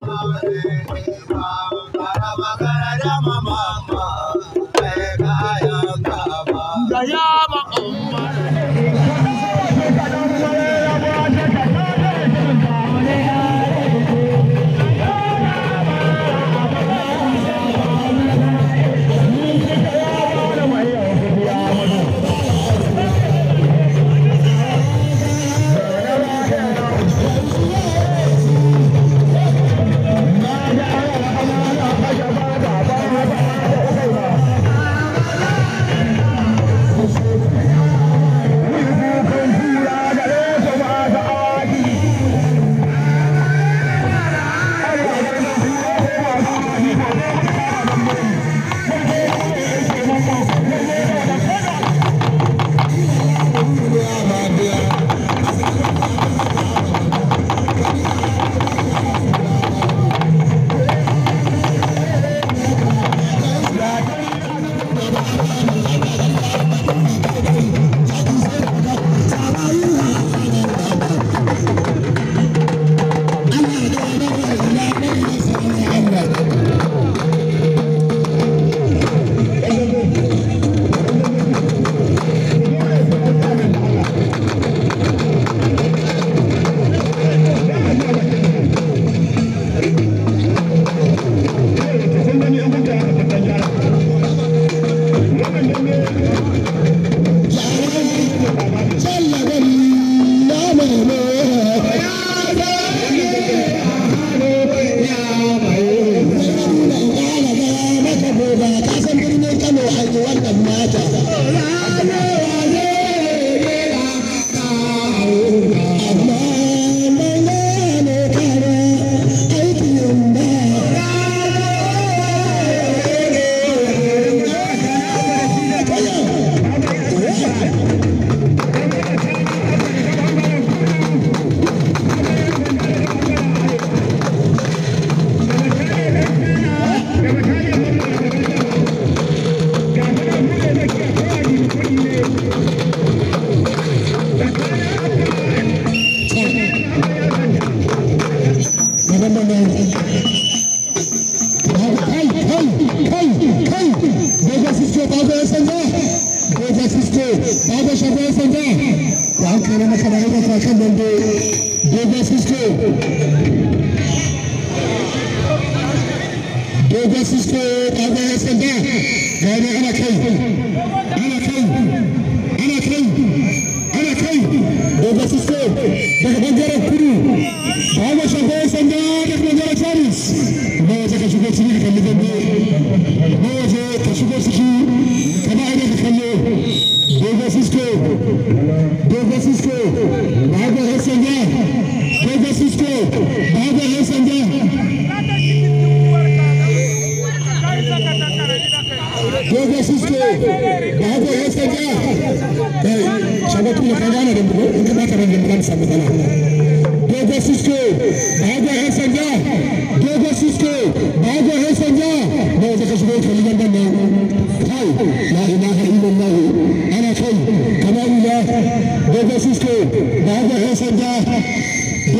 Baba, Baba, Baba, Baba, salama sabahı da kalkan döndü. Dogo Sisko. Dogo Sisko kalkan yasında. Gayri ana kay. Ana kay. Ana kay. Ana kay. Dogo Sisko. Daga bangaren kudu. Ama şafaya sanda. Daga bangaren Charles. Ne olacak açık olsun. Kalli döndü. Ne dogo susko da haka ya sanya kai shabatu da kaga na dambu in ka bata ran dambu samu sana dogo susko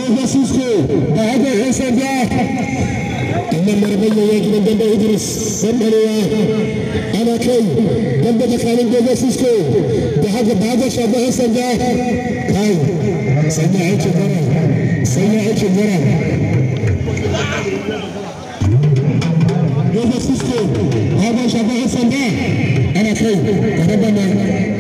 Francisco da haka ya gidan dambe Idris Sambarewa ana kai dambe tsakanin Don da haka ba ga shafa sanda kai sanya aikin gara sanya aikin gara Don Francisco ba ana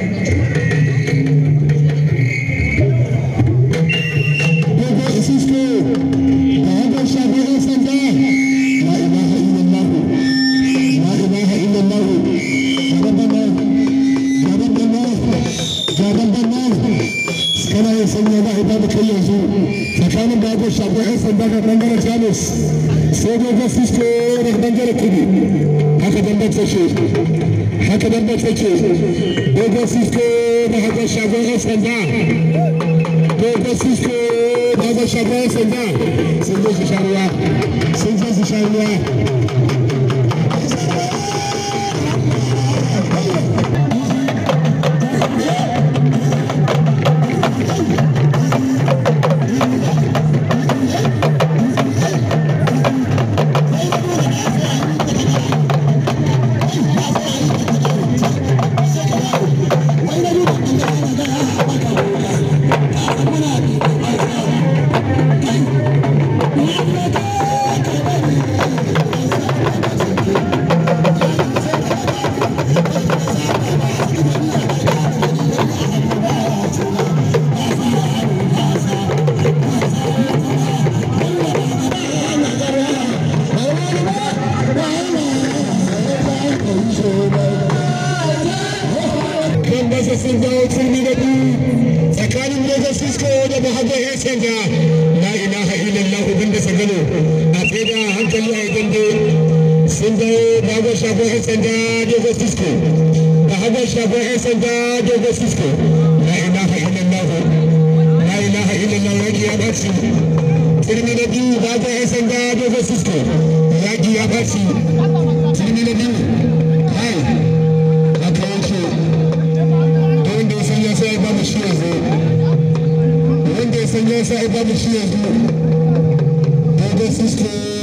ya shafi 'yan sanda ga bangaren da haka da hankali a gande sun 'yan sanda sisko da 'yan sanda sisko ilaha illallah ilaha illallah ya baci turmi na biyu 'yan sanda sisko yaki ya baci turmi na biyu hai wanda ya sanya sai ba mu shi yanzu wanda ya sanya sai ba mu shi yanzu sisko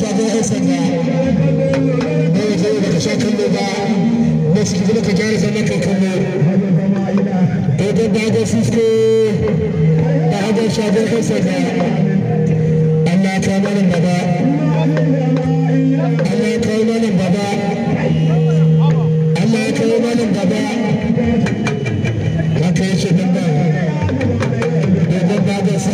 sabon yan sanda na waje daga sha kallo ba na su kuma ka gyara zama kai da hagar fiske da Allah ka baba Allah ka baba Allah ka baba haka yace dan ba da hagar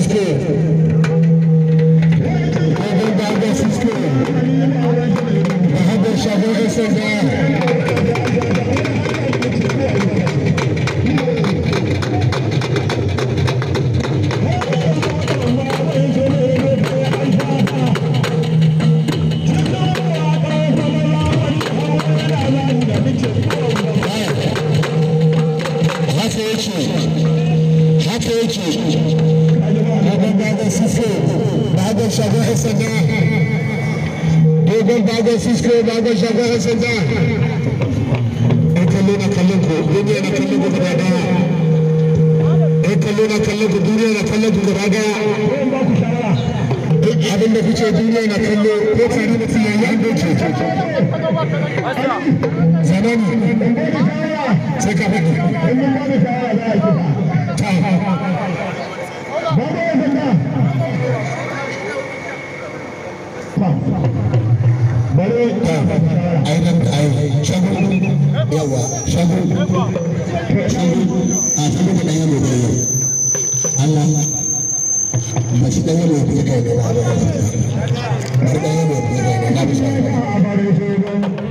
shagon 'yan sanda dogon na kallon ku duniya na kallon ku gaba ai nan da ai shago yawa shago a da ɗaya mai bayan Allah mace ɗaya mai da ya gaba da ya gaba ɗaya mai fiye da ya gaba da ya gaba